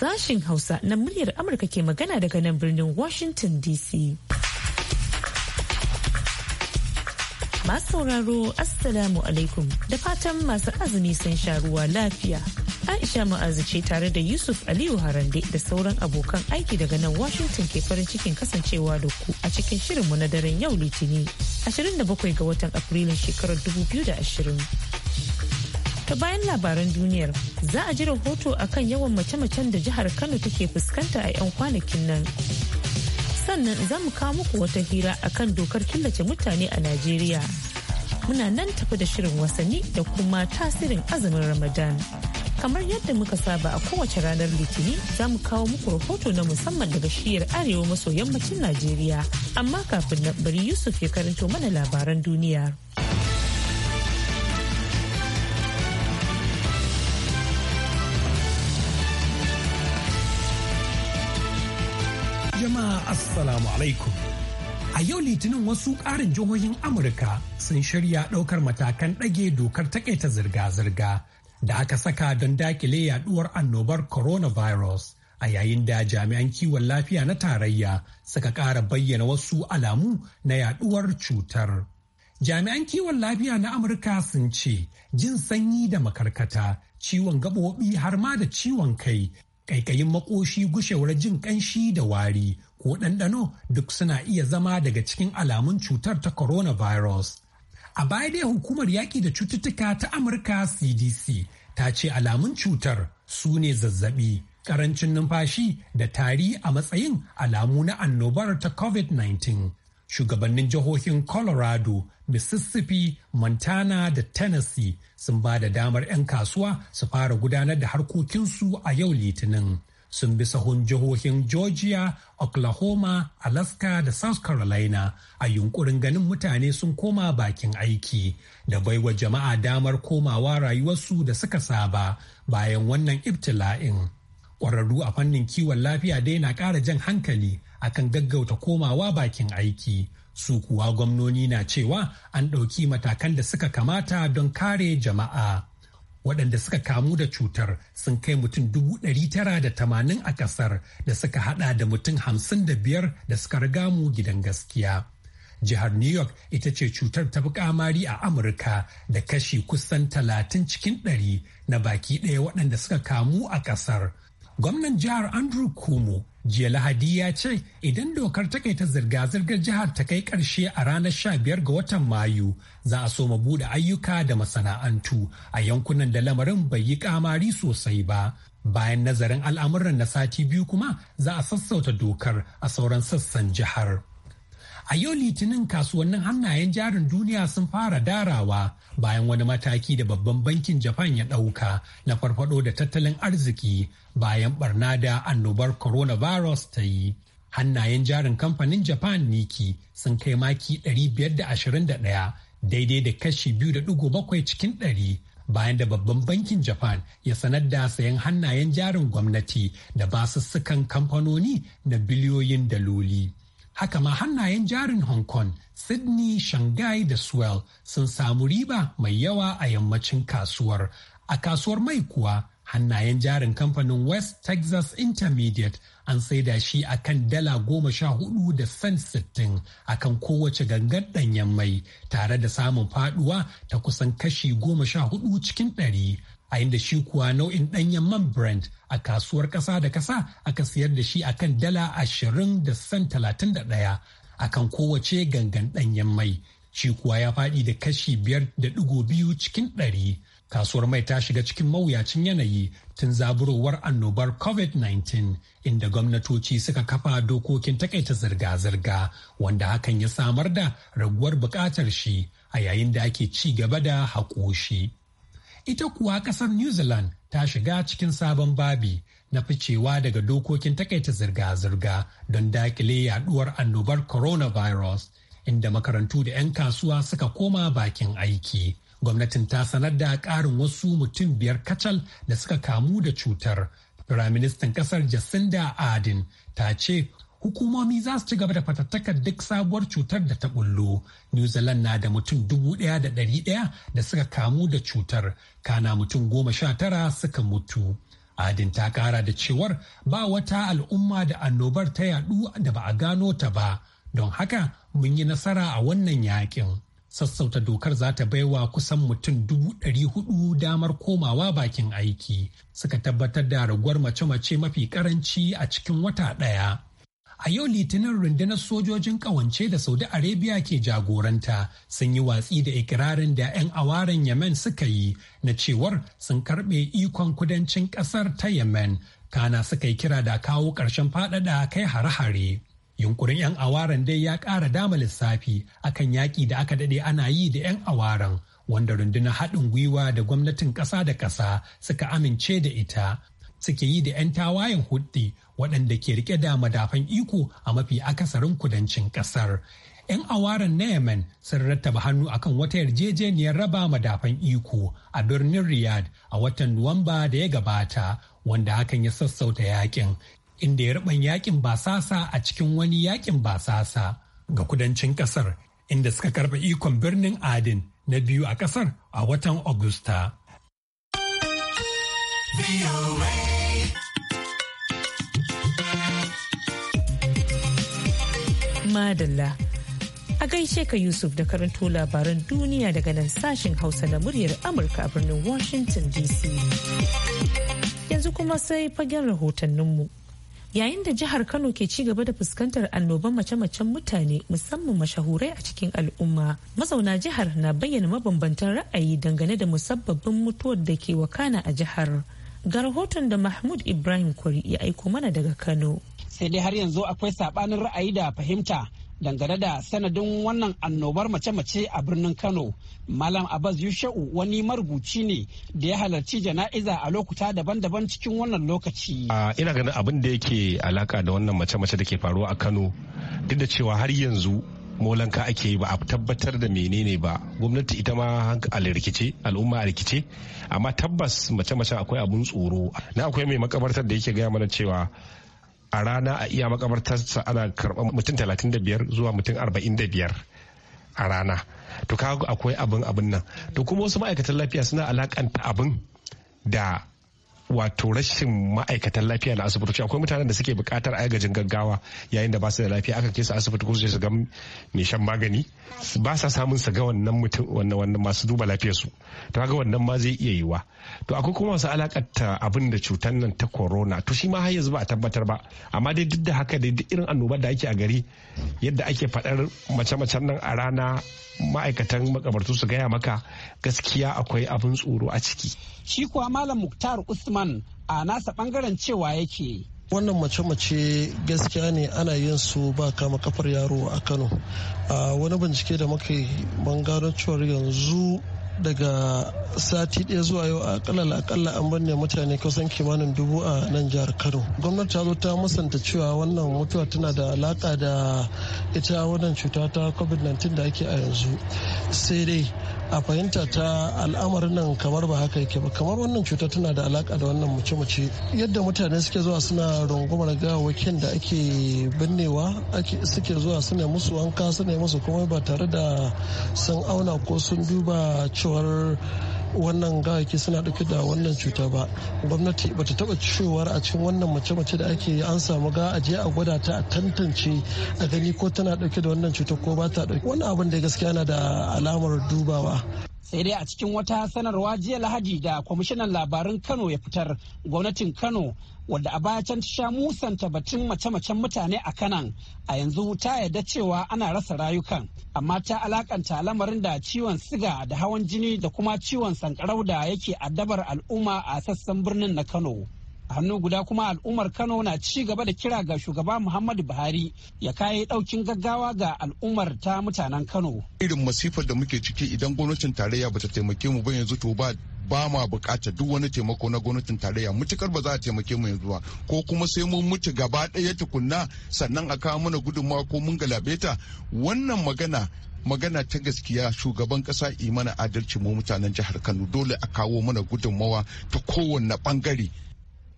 Sashen Hausa na muryar Amurka ke magana daga nan birnin Washington DC. Masu sauraro Assalamu alaikum da fatan masu azumi sun sha ruwa lafiya. Aisha Ma'azu ce tare da Yusuf Aliyu Harande da sauran abokan aiki daga nan Washington ke farin cikin kasancewa da ku a cikin shirinmu na daren yau Litinin 27 ga watan Afrilun shekarar 2020. ta bayan labaran duniyar za a ji rahoto akan yawan mace-macen da jihar kano take fuskanta a 'yan kwanakin nan sannan za mu kawo muku wata hira akan dokar killace mutane a najeriya muna nan tafi da shirin wasanni da kuma tasirin azumin ramadan kamar yadda muka saba a kowace ranar litini za mu kawo muku rahoto na musamman daga shiyar arewa maso yammacin najeriya amma kafin na bari yusuf ya karanto mana labaran duniya. Assalamu alaikum. A yau litinin wasu ƙarin jihohin Amurka sun shirya ɗaukar matakan ɗage dokar takaita zirga-zirga da aka saka don dakile yaɗuwar annobar coronavirus a yayin da jami'an kiwon lafiya na tarayya suka ƙara bayyana wasu alamu na yaɗuwar cutar. Jami'an kiwon lafiya na Amurka sun ce jin sanyi da makarkata, ciwon gaɓoɓi har ma da ciwon kai, ƙaiƙayin makoshi gushewar jin ƙanshi da wari ko ɗanɗano duk suna iya zama daga cikin alamun cutar ta coronavirus. A baya dai hukumar yaƙi da cututtuka ta Amurka CDC ta ce alamun cutar su ne zazzabi, ƙarancin numfashi da tari a matsayin alamu na annobar ta COVID-19. Shugabannin jihohin Colorado, Mississippi, Montana da Tennessee sun ba da damar 'yan kasuwa su fara gudanar da harkokinsu a yau Litinin. sun bi sahun jihohin Georgia, Oklahoma, Alaska da South Carolina a yunkurin ganin mutane sun koma bakin aiki da baiwa jama'a damar komawa rayuwarsu da suka saba bayan wannan ibtila'in. Ƙwararru a fannin kiwon lafiya dai na ƙara jan hankali akan gaggauta komawa bakin aiki. Su kuwa gwamnoni na cewa an ɗauki matakan da suka kamata don kare jama'a. waɗanda suka kamu da cutar sun kai mutum dubu ɗari tara da tamanin a ƙasar da suka haɗa da mutum hamsin da biyar da suka riga mu gidan gaskiya. Jihar New York ita ce cutar ta fi kamari a Amurka da kashi kusan talatin cikin ɗari na baki ɗaya waɗanda suka kamu a ƙasar. Gwamnan jihar Andrew Cuomo jiya lahadi ya ce idan dokar takaita zirga-zirgar jihar ta kai karshe a ranar 15 ga watan mayu za a soma buɗe ayyuka da masana'antu a yankunan da lamarin bai yi kamari sosai ba bayan nazarin al'amuran na sati biyu kuma za a sassauta dokar a sauran sassan jihar. A yau litinin kasuwannin hannayen jarin duniya sun fara darawa bayan wani mataki da babban bankin Japan ya ɗauka na farfado da tattalin arziki bayan barna da annobar coronavirus ta yi. Hannayen jarin kamfanin Japan Niki sun kai maki 521 daidai da kashi 2.7 cikin ɗari. bayan da babban bankin japan ya sanar da sayan hannayen jarin gwamnati da basussukan kamfanoni na biliyoyin daloli haka ma hannayen jarin hong kong sydney shanghai da swell sun samu riba mai yawa a yammacin kasuwar a kasuwar mai kuwa hannayen jarin kamfanin west texas intermediate an saida shi a kan dala goma sha hudu da cent sittin a kan kowace gangar ɗanyen mai tare da samun faduwa ta kusan kashi goma sha hudu cikin ɗari a inda shi kuwa nau'in ɗanyen man Brent a kasuwar ƙasa da ƙasa aka siyar da shi a kan dala ashirin da san talatin da ɗaya a kan kowace gangan ɗanyen mai. Shi kuwa ya faɗi da kashi biyar da ɗigo biyu cikin ɗari. Kasuwar mai ta shiga cikin mawuyacin yanayi tun zaburowar annobar COVID-19 inda gwamnatoci suka kafa dokokin takaita zirga-zirga wanda hakan ya samar da raguwar buƙatar shi a yayin da ake ci gaba da haƙo Ita kuwa kasar New Zealand ta shiga cikin sabon babi na ficewa daga dokokin takaita zirga-zirga don dakile yaduwar annobar coronavirus inda makarantu da 'yan kasuwa suka koma bakin aiki. Gwamnatin ta sanar da ƙarin wasu mutum biyar kacal da suka kamu da cutar. Firaministan ƙasar Jacinda Ardern ta ce hukumomi za su ci gaba da fatattakar duk sabuwar cutar da ta bullo. New Zealand na da mutum dubu ɗaya da ɗari ɗaya da suka kamu da cutar, kana mutum goma sha tara suka mutu. Adin ta kara da cewar ba wata al'umma da annobar ta yadu da ba a gano ta ba, don haka mun yi nasara a wannan yakin. Sassauta dokar za ta baiwa kusan mutum dubu ɗari hudu damar komawa bakin aiki, suka tabbatar da raguwar mace-mace mafi karanci a cikin wata ɗaya. A yau litinin rundunar sojojin ƙawance da Saudi Arabia ke jagoranta sun yi watsi da ikirarin da 'yan awaren Yemen suka yi na cewar sun karɓe ikon kudancin ƙasar ta Yemen. Kana suka yi kira da kawo ƙarshen faɗaɗa kai hare-hare. Yunkurin 'yan awaren dai ya ƙara dama lissafi akan yaƙi da aka dade ana yi da 'yan awaren. wanda rundunar haɗin gwiwa da gwamnatin ƙasa da ƙasa suka amince da ita suke yi da 'yan tawayen hudu. waɗanda ke rike da madafan iko a mafi akasarin kudancin ƙasar. 'Yan awaren na Yemen sun rattaba hannu akan wata yarjejeniyar raba madafan iko a birnin Riyadh a watan Nuwamba da ya gabata wanda hakan ya sassauta yakin inda ya ruban yakin basasa a cikin wani yakin basasa ga kudancin ƙasar, inda suka karba ikon birnin adin na biyu a ƙasar a watan Agusta. madalla. A gaishe ka Yusuf da karanto labaran duniya daga nan sashen Hausa na muryar Amurka a birnin Washington DC. Yanzu kuma sai fagen rahotanninmu. Yayin da jihar Kano ke ci gaba da fuskantar annoban mace-macen mutane musamman mashahurai a cikin al'umma, mazauna jihar na bayyana mabambantan ra'ayi dangane da musabbabin mutuwar da ke wakana a jihar. Ga rahoton da Mahmud Ibrahim Kwari ya aiko mana daga Kano. sai dai har yanzu akwai sabanin ra'ayi da fahimta dangane da sanadin wannan annobar mace-mace a birnin kano malam abbas yusha'u wani marubuci ne da ya halarci jana'iza a lokuta daban-daban cikin wannan lokaci ina ganin abin da yake alaka da wannan mace-mace da ke faruwa a kano duk da cewa har yanzu molanka ake yi ba a tabbatar da menene ba gwamnati ita ma rikice al'umma a rikice amma tabbas mace-mace akwai abun tsoro na akwai mai makabartar da yake gaya mana cewa a rana a iya makabartarsa ana karɓar mutum 35 zuwa mutum 45 a rana to kaga akwai abin abin nan to kuma wasu ma'aikatan lafiya suna alakanta abin da wato rashin ma'aikatan lafiya na asibitoci akwai mutanen da suke buƙatar agajin gaggawa yayin da ba su da lafiya akan kesa asibiti ko su ga mai shan magani ba sa samun su ga wannan mutum wannan wannan masu duba lafiyar su to kaga wannan ma zai iya yiwa to akwai kuma wasu ta abin da cutar nan ta corona to shi ma har yanzu ba a tabbatar ba amma dai duk da haka dai duk irin annobar da ake a gari yadda ake faɗar mace-macen nan a rana ma'aikatan makabartu su gaya maka gaskiya akwai abin tsoro a ciki shi kuwa malam muktar usman Usman a nasa bangaren cewa yake. wannan mace-mace gaskiya ne ana yin su ba kama kafar yaro a kano wani bincike da muka yi ban gano cewar yanzu daga sati ɗaya zuwa yau a akalla akalla an binne mutane kusan kimanin dubu a nan jihar kano gwamnati ta zo ta musanta cewa wannan mutuwa tana da alaka da ita wannan cuta ta covid-19 da ake a yanzu sai dai a fahimta ta al'amarin nan kamar ba haka yake ba kamar wannan cuta tana da alaka da wannan mace-mace yadda mutane suke zuwa suna rungumar gawakin da ake binnewa suke zuwa suna musu wanka suna musu komai ba tare da sun auna ko sun duba cewa cewar wannan gawaki suna dauke da wannan cuta ba gwamnati bata taba cewar a cikin wannan mace-mace da ake an samu ga a je a gwada ta a tantance a gani ko tana dauke da wannan cuta ko ba ta dauke wannan abin da gaskiya yana da alamar dubawa sai dai a cikin wata sanarwa jiya lahadi da kwamishinan labarun kano ya fitar gwamnatin kano wadda a baya can sha musanta batun mace-macen mutane a kanan a yanzu ta yarda cewa ana rasa rayukan amma ta alakanta lamarin da ciwon siga da hawan jini da kuma ciwon sankarau da yake addabar al'umma a sassan birnin na kano a hannu guda kuma al'ummar kano na ci gaba da kira ga shugaba muhammadu buhari ya kayi daukin gaggawa ga al'ummar ta mutanen kano irin masifar da muke ciki idan gwamnatin tarayya bata taimake mu ba yanzu to ba ba ma bukatar duk wani taimako na gwamnatin tarayya mutukar ba za a taimake mu yanzu ba ko kuma sai mun mutu gaba ɗaya tukunna sannan a kawo mana gudunmawa ko mun ta wannan magana magana ta gaskiya shugaban kasa imana adalci mu mutanen jihar kano dole a kawo mana gudunmawa ta kowanne bangare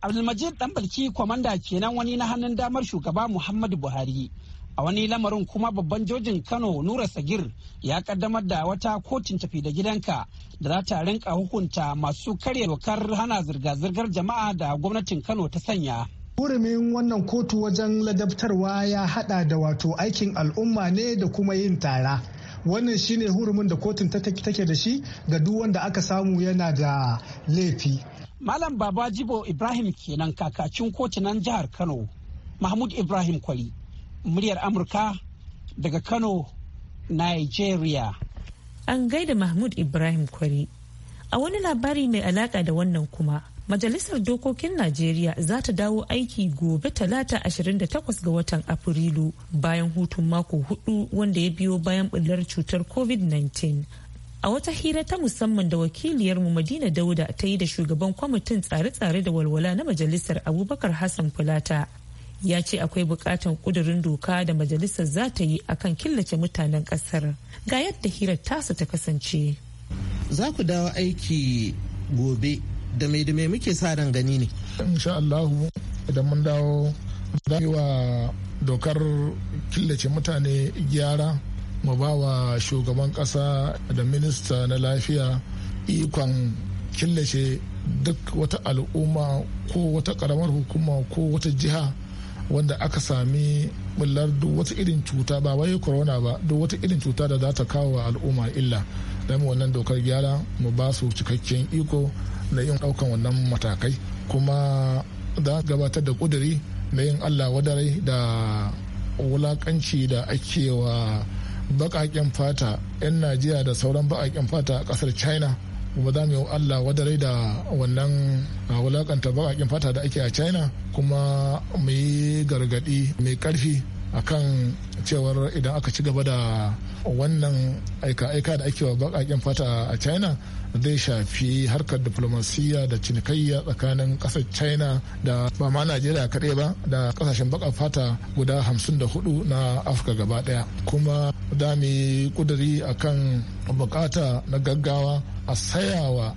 abdulmajid ɗanbalki kwamanda kenan wani na hannun damar shugaba muhammadu buhari a wani lamarin kuma babban jojin kano nura sagir ya kaddamar da wata kotun tafi da gidanka da za ta rinka hukunta masu karya dokar hana zirga-zirgar jama'a da gwamnatin kano ta sanya hurumin wannan kotu wajen ladabtarwa ya hada da wato aikin al'umma ne da kuma yin tara wannan shine hurumin da kotun ta take da shi ga duk wanda aka samu yana da laifi malam baba jibo ibrahim kenan kakacin kotunan jihar kano mahmud ibrahim kwali muryar amurka daga kano nigeria an gaida mahmud ibrahim kwari a wani labari mai alaka da wannan kuma Majalisar Dokokin Najeriya za ta dawo aiki gobe talata 28 ga watan Afrilu bayan hutun mako hudu wanda ya biyo bayan bullar cutar COVID-19. A wata hira ta musamman da wakiliyarmu Madina Dauda ta yi da shugaban kwamitin tsare-tsare da walwala na majalisar Abubakar Hassan Fulata. Ya ce akwai bukatan kudurin doka da majalisar za ta yi kan killace mutanen kasar. Ga yadda hirar tasa ta kasance. Za ku dawo aiki gobe da mai da mai muke sa ran gani ne insha allahu idan mun dawo za yi wa dokar killace mutane gyara mu ba wa shugaban kasa da minista na lafiya ikon killace duk wata al'umma ko wata karamar hukuma ko wata jiha wanda aka sami bullar duk wata irin cuta ba wai corona ba duk wata irin cuta da za ta kawo wa al'umma illa don wannan dokar gyara mu ba su cikakken iko na yin daukan wannan matakai kuma za gabatar da kuduri na yin allah wadarai da wulakanci da ake wa baƙaƙen fata 'yan najeriya da sauran baƙaƙen fata a ƙasar china kuma za mu yi allah wadarai da wannan wulakanta baƙaƙen fata da ake a china kuma mu yi gargaɗi mai ƙarfi akan cewar idan aka ci gaba da wannan aika-aika da ake wa baƙaƙen fata a china da zai shafi harkar diplomasiya da cinikayya tsakanin kasar china da ba ma najeriya kaɗai ba da kasashen baka fata guda hudu na afirka gaba daya kuma da mu kuduri akan bukata na gaggawa a sayawa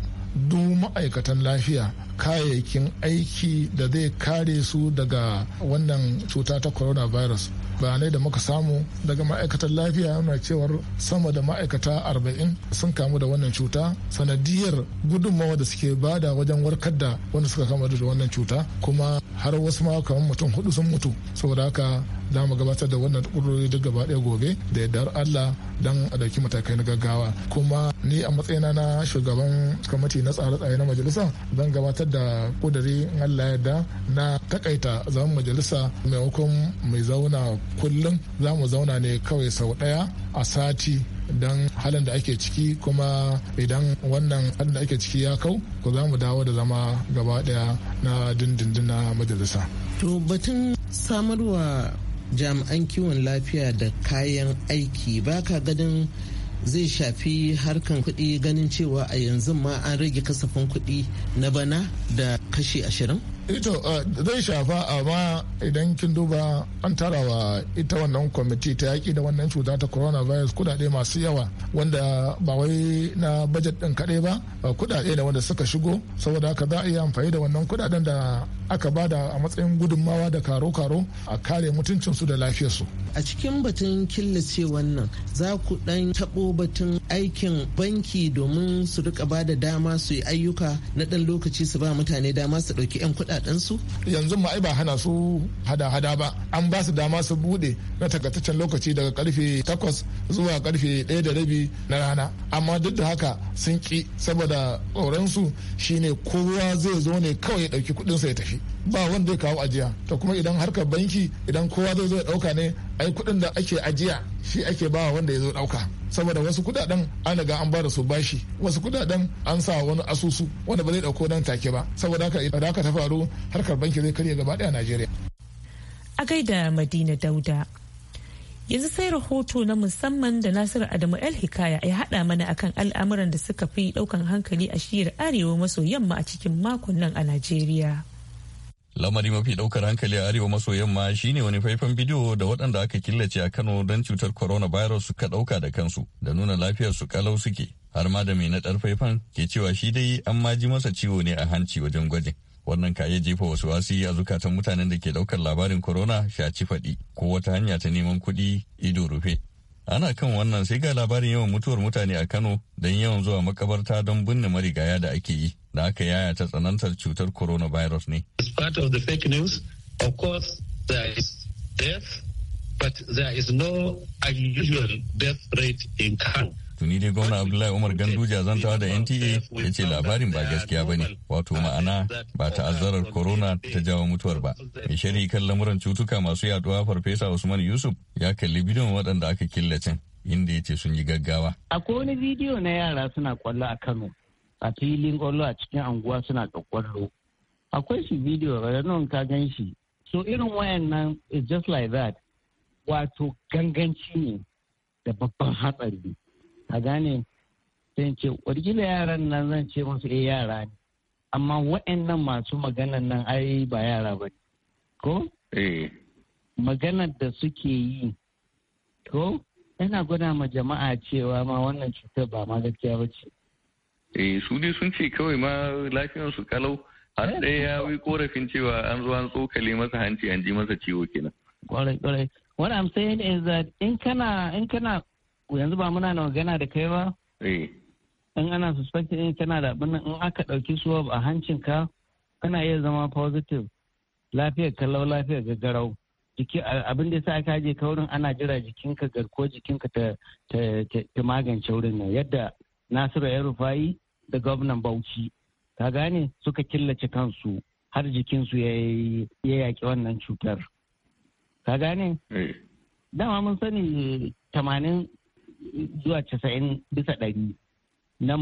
duk ma'aikatan lafiya kayayyakin aiki da zai kare su daga wannan cuta ta coronavirus bayanai da muka samu daga ma'aikatar lafiya yana cewar sama da ma'aikata 40 sun kamu da wannan cuta sanadiyar gudunmawa da suke bada wajen warkar da wanda suka kama da wannan cuta kuma har wasu ma kamar mutum hudu sun mutu saboda haka za mu gabatar da wannan ƙudurori duk gaba ɗaya gobe da yadda Allah don a ɗauki matakai na gaggawa kuma ni a matsayina na shugaban kamati na tsare-tsare na majalisa zan gabatar gabatar da kudari Allah ya da na takaita zaman majalisa maimakon mai zauna kullum za mu zauna ne kawai sau ɗaya a sati don halin da ake ciki kuma idan wannan halin da ake ciki ya kau ko za mu dawo da zama gaba daya na dindindin na majalisa. To batun samarwa jami'an kiwon lafiya da kayan aiki baka gadin zai shafi harkan kuɗi ganin cewa a yanzu ma an rage kasafin kuɗi na bana da kashi ashirin ito eh, uh, zai shafa amma idan kin duba an tara wa ita wannan kwamiti ta yaki da wannan cuta ta coronavirus kudade masu yawa wanda ba wai na bajet din kaɗai ba kudade da wanda suka shigo saboda haka za a iya amfani da wannan kudaden da aka bada a matsayin gudunmawa da karo-karo a kare mutuncinsu da lafiyarsu a cikin batun killace wannan za ku dan tabo batun aikin banki domin su rika ba da dama su yi ayyuka na dan lokaci su ba mutane dama su ɗauki 'yan kudade su yanzu ma ai ba hana su hada-hada ba an ba su dama su bude na takataccen lokaci daga karfe 8 zuwa karfe 1 da rabi na rana amma duk da haka sun ki saboda su shine kowa zai zo ne kawai ya dauki sa ya tafi ba wanda ya kawo ajiya to kuma idan harkar banki idan kowa zai zo ya dauka ne ai kuɗin da ake ajiya shi ake bawa wanda ya zo ɗauka saboda wasu kudaden an riga an bada su bashi wasu kudaden an sa wani asusu wanda ba zai ɗauko nan take ba saboda haka idan ta faru harkar banki zai karya gaba daya a Najeriya. A gaida Madina Dauda. yanzu sai rahoto na musamman da nasiru adamu el hikaya ya haɗa mana akan al'amuran da suka fi daukan hankali a shiyar arewa maso yamma a cikin makon nan a najeriya Lamari mafi ɗaukar hankali a arewa maso yamma shine wani faifan bidiyo da waɗanda aka killace a Kano don cutar coronavirus suka ɗauka da kansu da nuna lafiyar su kalau suke. Har ma da mai naɗar faifan ke cewa shi dai an ma ji masa ciwo ne a hanci wajen gwajin. Wannan ka iya jefa wasu wasi a zukatan mutanen da ke ɗaukar labarin corona shaci faɗi ko wata hanya ta neman kuɗi ido rufe. Ana kan wannan sai ga labarin yawan mutuwar mutane a Kano don yawan zuwa makabarta don binne marigaya da ake yi. da aka yaya ta tsanantar cutar coronavirus ne. As part of the fake news. Of course, there is death, but there is no unusual death rate in Kano. tuni dai gwamna abdullahi umar ganduja zantawa da nta ya ce labarin ba gaskiya ba ne wato ma'ana ba ta'azzarar corona ta jawo mutuwar ba mai shari'i kan lamuran cutuka masu yaduwa farfesa usman yusuf ya kalli bidiyon waɗanda aka killace inda ya ce sun yi gaggawa akwai wani bidiyo na yara suna kwallo a kano a filin kwallo a cikin anguwa suna da akwai shi bidiyo ranar ka gan shi so irin nan is just like that wato ganganci ne da babban hatsari a gane Zan ce wargila yaran nan zan ce masu eh yara ne amma wayannan masu maganan nan ai ba yara ba ko eh. maganar da suke yi ko yana gwada ma jama'a cewa ma wannan cutar ba ma gaskiya ba ce eh su dai sun ce kawai ma lafiyar su kalau har eh, ɗaya ya yi korafin cewa an zo an tsokale masa hanci an ji masa ciwo kenan kwarai kwarai what i'm saying is that in kana in kana yanzu ba muna magana da kai ba eh in ana suspecting in kana da abin in aka ɗauki suwab a hancin ka kana iya zama positive lafiyar kalau lafiyar gaggarau jiki abin da sa kaje je ka wurin ana jira jikinka garko jikinka ta magance wurin nan yadda nasiru ya rufayi da gwamnan Bauchi. Ka gane suka killace kansu har jikinsu ya yaƙi wannan cutar. Ka gane? Eh. Dama mun sani tamanin zuwa casa'in bisa ɗari na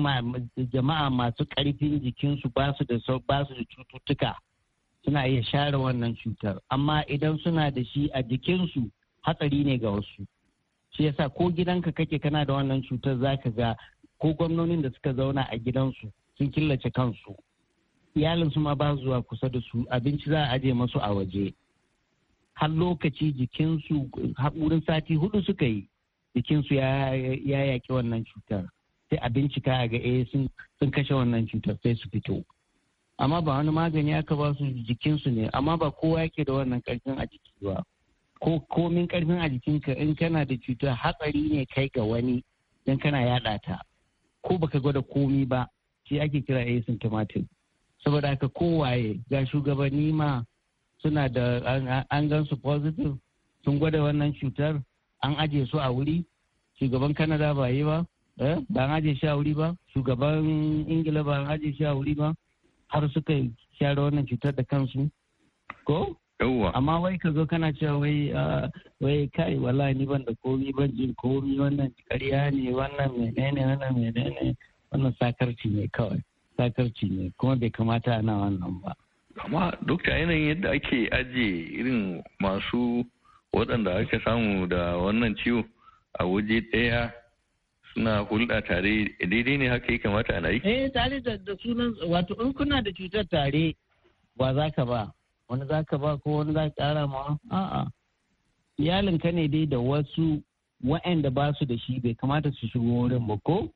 jama'a masu ƙarfin jikinsu ba su da cututtuka suna iya share wannan cutar. Amma idan suna da shi a jikinsu hatsari ne ga wasu. shi yasa ko gidanka kake kana da wannan cutar za ka ga ko gwamnonin da suka zauna a gidansu sun killace kansu su ma ba zuwa kusa da su abinci za a aje masu a waje har lokaci jikinsu haƙurin sati hudu suka yi jikinsu ya yaƙi wannan cutar sai a bincika ga eh sun kashe wannan cutar sai su fito amma ba wani magani aka ba su jikinsu ne amma ba kowa yake da wannan ƙarfin a jiki ba ko komin ƙarfin a jikinka in kana da cutar hatsari ne kai ga wani don kana yaɗa ta ko baka gwada komi ba shi ake kira asymptomatic saboda haka kowaye ga shugabanni ma suna da an gan su positive sun gwada wannan cutar an aje su a wuri shugaban Kanada ba yi ba eh, ba an aje shi a wuri ba shugaban ingila ba an aje shi a wuri ba har suka share wannan cutar da kansu ko amma wai ka zo kana cewa wai ah, wai kai wallahi ni ban da komi ban jin komi wannan ƙarya ne wannan menene wannan menene wannan sakarci ne kawai sakarci ne kuma bai kamata ana wannan ba amma dokta yanayin yadda ake ajiye irin masu waɗanda aka samu da wannan ciwo a waje ɗaya suna hulɗa tare daidai ne haka ya kamata ana yi eh tare da sunan wato in kuna da cutar tare ba za ka ba wani za ka ba ko wani za ka kara ma a'a Iyalin ka ne dai da wasu wa'anda ba su da shi bai kamata su shigo wurin ba ko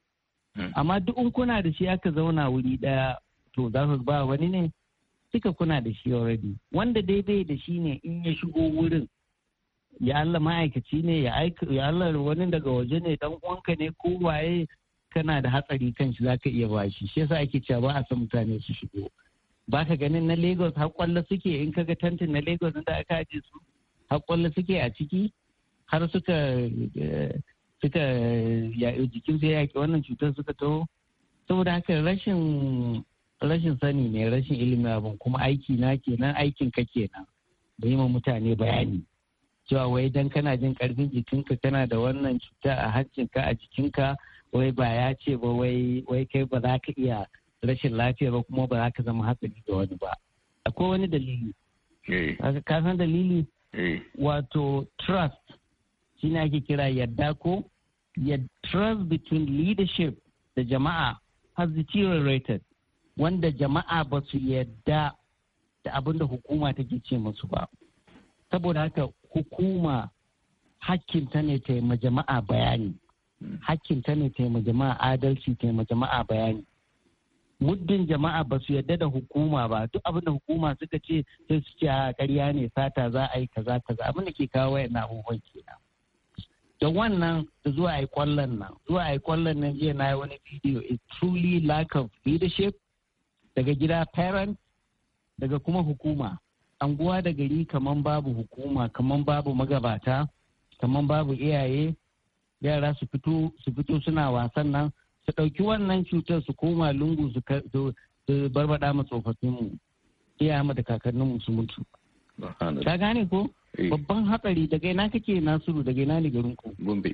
hmm. amma duk in kuna da shi aka zauna wuri daya to za ba wani ne duka kuna da shi already wanda dai da shi ne in ya shigo wurin ya Allah ma'aikaci ne ya Allah wani daga waje ne dan uwanka ne ko waye kana da hatsari kan shi zaka iya bashi shi yasa ake cewa ba a san mutane su shigo ba ka ganin na lagos haƙwallo suke in kaga tantin na lagos da aka ajiye su haƙwallo suke a ciki har suka eh, suka jikin su yaƙi wannan cutar suka taho saboda haka rashin rashin sani ne rashin ilimin abin kuma aiki na kenan aikin ka kenan da yi ma mutane bayani cewa wai dan kana jin karfin jikinka kana da wannan cuta a hancinka a jikinka wai ba ya ce ba wai kai ba za ka iya rashin lafiya ba kuma ba za ka zama hatsari ga wani ba akwai wani dalili eh. ka san dalili eh. wato trust shi ne ake kira yadda ko trust between leadership da jama'a has deteriorated wanda jama'a ba su yadda da abin da hukuma take ce musu ba saboda haka hukuma ta ne ta yi jama'a bayani hmm. ta ne ta yi jama'a adalci ta jama'a bayani muddin jama'a ba su yadda da hukuma ba duk abin da hukuma suka ce sai su ce ƙarya ne sata za a yi kaza kaza abin da ke kawo wayan abubuwan kenan Don wannan da zuwa a yi kwallon nan zuwa a yi kwallon nan jiya na yi wani bidiyo is truly lack of leadership daga gida parent daga kuma hukuma anguwa da gari kaman babu hukuma kaman babu magabata kaman babu iyaye yara su fito su fito suna wasan nan su ɗauki wannan cutar su koma lungu su barbaɗa ma tsofaffinmu iyayenmu da kakanninmu su mutu. Ta gane ko? Eh. Babban hatsari daga ina kake Nasiru daga ina ne garin ku? Gombe.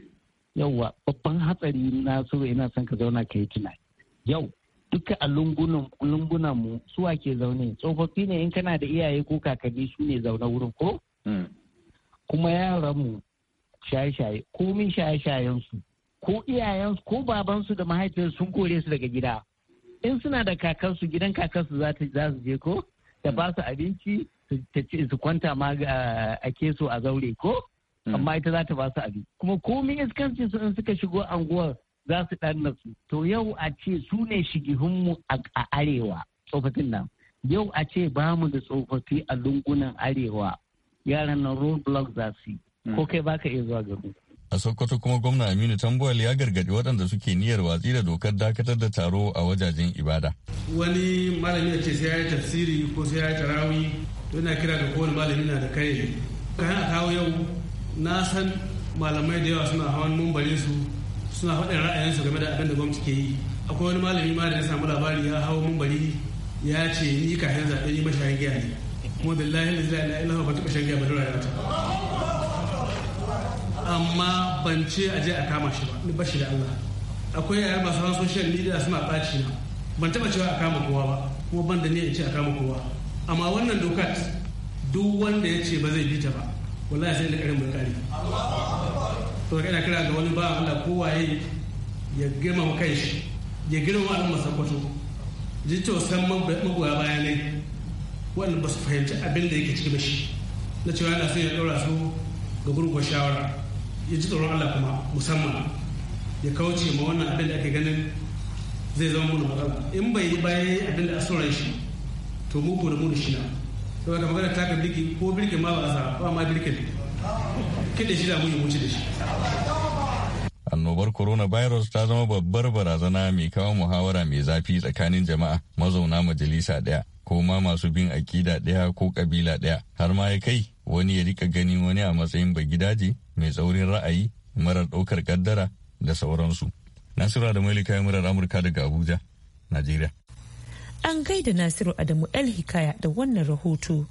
Yawwa babban hatsari Nasiru ina son ka zauna ka yi tunani. Yau duka a lunguna lungunan mu suwa ke zaune tsofaffi ne in kana da iyaye ko kakanni su ne zaune wurin ko? Hmm. Kuma yaran mu shaye-shaye komin shaye-shayen su ko iyayensu ko babansu da mahaifiyarsu sun kore su daga gida in suna da kakansu gidan kakansu za su je ko da ba su abinci su kwanta ma a keso a zaure ko hmm. amma ita za ta ba su abinci kuma komi iskanci su in suka shigo anguwar za su ɗan su to yau a ce su ne shigihunmu a arewa tsofaffin nan yau a ce ba mu da tsofaffi a lungunan arewa yaran nan road block za su yi hmm. ko kai baka iya zuwa garin A Sokoto kuma gwamna Aminu Tambuwal ya gargaɗi waɗanda suke niyyar watsi da dokar dakatar da taro a wajajen ibada. Wani malami ya ce sai ya yi tafsiri ko sai ya yi tarawi to ina kira ga kowane malami na da kai. Kayan a kawo yau na san malamai da yawa suna hawan mumbarin su suna faɗin ra'ayinsu game da abin da gwamnati ke yi. Akwai wani malami ma da ya samu labari ya hawo mumbari ya ce ni kayan zaɓe ni mashayin giya ne. Kuma billahi la ilaha ba ta shan giya ba da rayuwa amma ban ce a a kama shi ba ni bashi da Allah akwai yaya masu hawan social media suna ɓaci na ban taɓa cewa a kama kowa ba kuma ban da ni in ce a kama kowa amma wannan dokat duk wanda ya ce ba zai bi ta ba wallahi sai da karin bai to kai na kira ga wani ba Allah kowaye ya girma kai shi ya girma al'umma sakwato ji to san magoya bayanai wannan ba su fahimci abin da yake ciki ba shi na cewa yana so ya ɗora su ga gurgun shawara ya ji tsoron Allah kuma musamman ya kauce ma wannan abin da ake ganin zai zama mana matsala in bai yi bayan abin da asirin shi to mu ko da mu da shi na saboda magana ta ga birki ko birkin ma ba a ba ma birkin da shi da mu yi wuce da shi annobar coronavirus ta zama babbar barazana mai kawo muhawara mai zafi tsakanin jama'a mazauna majalisa daya ko ma masu bin aƙida daya ko ƙabila daya har ma ya kai wani ya rika ganin wani a matsayin gidaje mai tsaurin ra'ayi marar ɗaukar kaddara da sauransu. Nasiru Adamu Elika murar Amurka daga Abuja, Najeriya. An gaida Nasiru Adamu El Hikaya da wannan rahoto.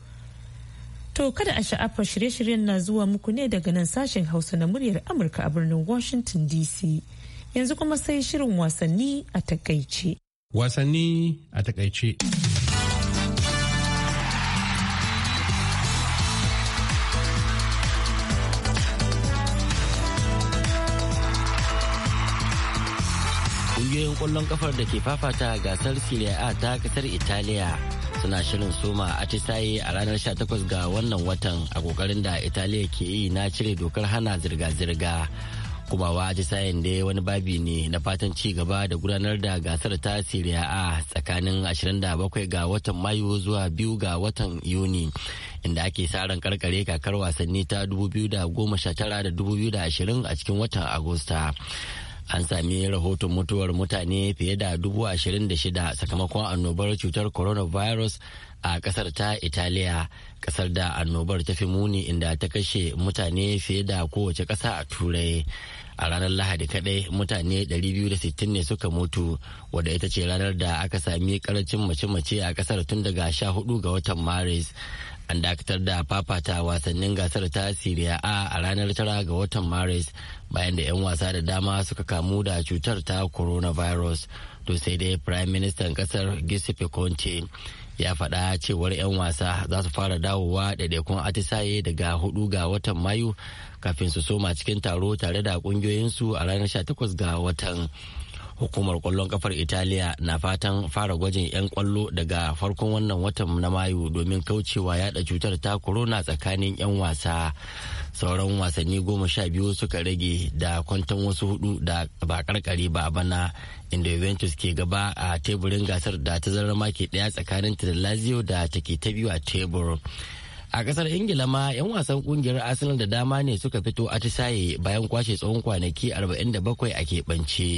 To kada a sha'afar shirye-shiryen na zuwa muku ne daga nan sashen Hausa na muryar Amurka a birnin Washington DC. Yanzu kuma sai shirin wasanni a takaice. Wasanni a takaice. kwallon kafar da ke fafata gasar Serie A ta kasar Italiya suna shirin soma tisaye a ranar 18 ga wannan watan a kokarin da Italiya ke yi na cire dokar hana zirga-zirga. Kumawa tisayen dai wani babi ne na fatan ci gaba da gudanar da gasar ta Serie A tsakanin 27 ga watan Mayu zuwa 2 ga watan Yuni. inda ake sa karkare kakar wasanni ta 2019 da 2020 a cikin watan Agusta. an sami rahoton mutuwar mutane fiye da dubu ashirin da shida sakamakon annobar cutar coronavirus a kasar ta italiya kasar da annobar ta fi muni inda ta kashe mutane fiye da kowace kasa a turai a ranar lahadi kadai mutane 260 ne suka mutu wadda ita ce ranar da aka sami karancin mace-mace a kasar tun daga 14 ga watan maris an dakatar da fafata wasannin gasar ta siriya a a ranar tara ga watan maris bayan da 'yan wasa da dama suka kamu da cutar ta coronavirus to sai dai prime minister kasar giuseppe conte ya faɗa cewar 'yan wasa za su fara dawowa ɗaiɗaikun atisaye daga hudu ga watan mayu kafin su soma cikin taro tare da ƙungiyoyinsu a ranar 18 ga watan hukumar kwallon kafar italiya na fatan fara gwajin 'yan kwallo daga farkon wannan watan na mayu domin kaucewa yada cutar ta corona tsakanin 'yan wasa sauran wasanni goma sha biyu suka rage da kwantan wasu hudu da ba karkare ba bana inda juventus ke gaba a teburin gasar da ta zarra maki daya tsakanin ta da lazio da take ta biyu a tebur a kasar ingila ma 'yan wasan kungiyar arsenal da dama ne suka fito atisaye bayan kwashe tsawon kwanaki 47 a keɓance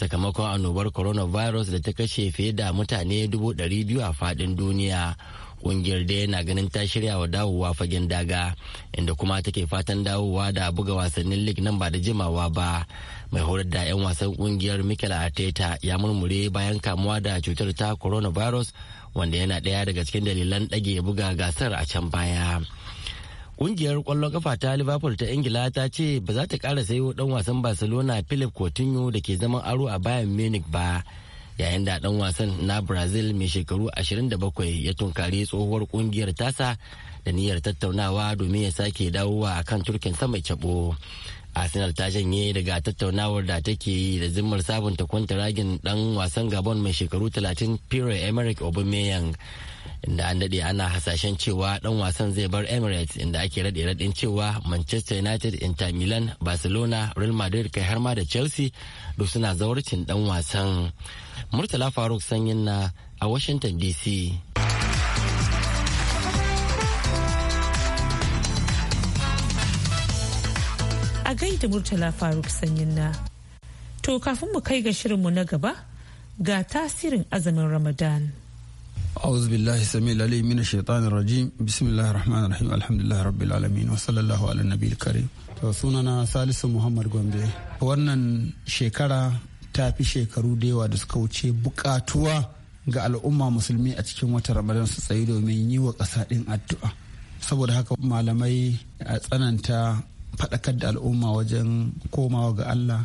sakamakon annobar coronavirus da ta kashe fiye da mutane 200,000 a fadin duniya kungiyar da yana ganin ta shirya wa dawowa fagen daga inda kuma take fatan dawowa da buga wasannin league nan ba da jimawa ba mai horar da 'yan wasan kungiyar mikel arteta ya murmure bayan kamuwa da cutar ta coronavirus wanda yana daya daga cikin dalilan dage buga gasar a can baya Kungiyar kwallon kafa ta Liverpool ta Ingila ta ce ba za ta kara sayo dan wasan Barcelona Philip Coutinho da ke zaman aro a Bayern Munich ba. Yayin da dan wasan na Brazil mai shekaru 27 ya tunkari tsohuwar kungiyar tasa da niyyar tattaunawa domin ya sake dawowa kan turkin sama mai arsenal ta janye daga tattaunawar da take yi da zimmar sabunta kwanta ragin dan wasan gabon mai shekaru 30 pierre emerick aubameyang inda an daɗe ana hasashen cewa dan wasan zai bar emirates inda ake raɗe raɗin cewa manchester united inter milan barcelona real madrid kai har ma da chelsea duk suna zawarcin dan wasan murtala faruk sanyin na a washington dc a gaida Murtala Faruk sanyin na. To kafin mu kai ga shirinmu na gaba ga tasirin azumin Ramadan. أعوذ بالله السميع العليم من الشيطان الرجيم بسم الله الرحمن الرحيم الحمد لله رب العالمين وصلى الله على النبي الكريم sunana salisu muhammad gombe wannan shekara ta fi shekaru da yawa da suka wuce bukatuwa ga al'umma musulmi a cikin watan ramadan su tsayi domin yi wa ƙasa ɗin addu'a saboda haka malamai a tsananta faɗakar da al'umma wajen komawa ga Allah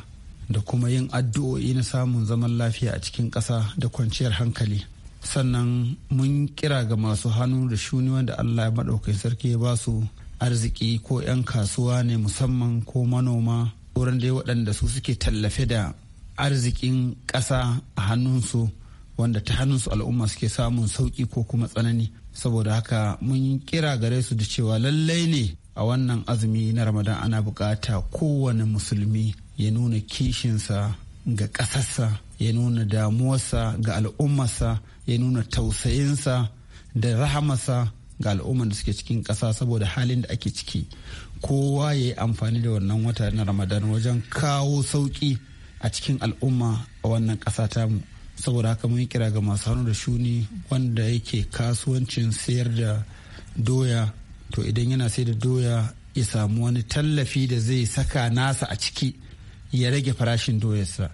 da kuma yin addu'o'i na samun zaman lafiya a cikin ƙasa da kwanciyar hankali sannan mun kira ga masu hannu da shuni wanda Allah ya maɗaukai sarki ya ba su arziki ko 'yan kasuwa ne musamman ko manoma wurin dai waɗanda su suke tallafe da arzikin ƙasa a hannunsu wanda ta hannunsu al'umma suke samun sauƙi ko kuma tsanani saboda haka mun kira gare su da cewa lallai ne a wannan azumi na ramadan ana bukata kowane musulmi ya nuna kishinsa ga ƙasarsa ya nuna damuwarsa ga al'ummarsa ya nuna tausayinsa da rahamarsa ga al'ummar da suke cikin kasa saboda halin da ake ciki kowa ya yi amfani da wannan wata na ramadan wajen kawo sauki a cikin al'umma a wannan ta tamu saboda haka mun kira ga masu hannu da shuni wanda yake kasuwancin sayar da doya to idan yana sai da doya ya samu wani tallafi da zai saka nasa a ciki ya rage farashin doyarsa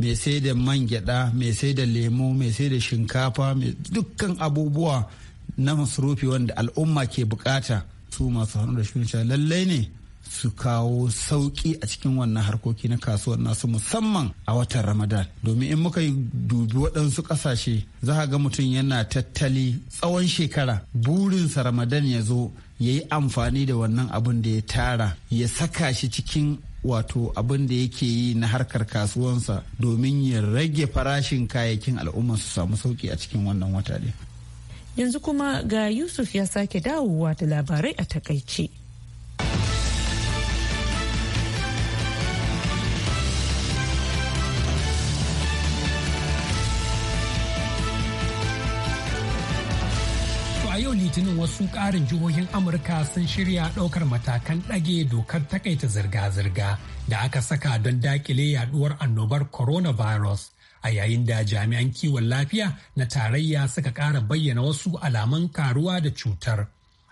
mai sai da man gyada mai sai da lemo mai sai da shinkafa mai dukkan abubuwa na masarufi wanda al'umma ke bukata su masu hannu da shi lallai ne su kawo sauƙi a cikin wannan harkoki na kasuwar nasu musamman a watan ramadan domin in muka yi dubi waɗansu ƙasashe za a ga mutum yana tattali tsawon shekara burinsa ramadan ya zo ya yi amfani da wannan abin da ya tara ya saka shi cikin wato abin da yake yi na harkar kasuwansa domin ya rage farashin kayayyakin al'umma su samu sauki a cikin wannan wata ne. Yanzu kuma ga Yusuf ya sake dawowa da labarai a takaice. litinin wasu ƙarin jihohin amurka sun shirya ɗaukar matakan ɗage dokar takaita zirga-zirga da aka saka don dakile yaduwar annobar coronavirus a yayin da jami'an kiwon lafiya na tarayya suka ƙara bayyana wasu alaman karuwa da cutar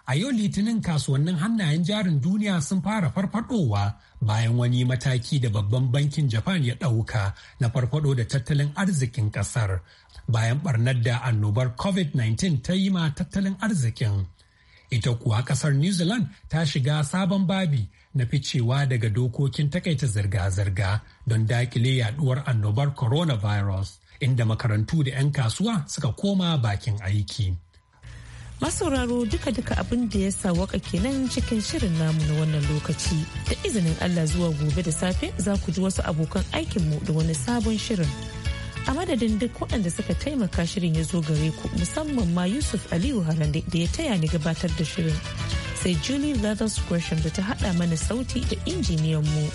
a yau litinin kasuwannin hannayen jarin duniya sun fara farfadowa bayan wani mataki da babban bankin japan ya ɗauka na farfado da tattalin arzikin ƙasar bayan barnar da annobar covid-19 ta yi ma tattalin arzikin ita kuwa kasar new zealand ta shiga sabon babi na ficewa daga dokokin takaita zirga-zirga don dakile yaduwar annobar coronavirus inda makarantu da 'yan kasuwa suka koma bakin aiki masauraro duka-duka abin da ya waka kenan cikin shirin namu na wannan lokaci da izinin allah zuwa gobe da safe za ku ji wasu abokan aikinmu da wani sabon shirin a madadin duk waɗanda suka taimaka shirin ya zo gare ku musamman ma yusuf aliyu harande da ya taya ni gabatar da shirin sai julie leathers gresham da ta haɗa mana sauti da injiniyan mu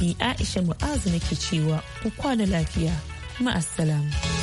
ni aisha mu'azu nake cewa ku kwana lafiya ma'assalam.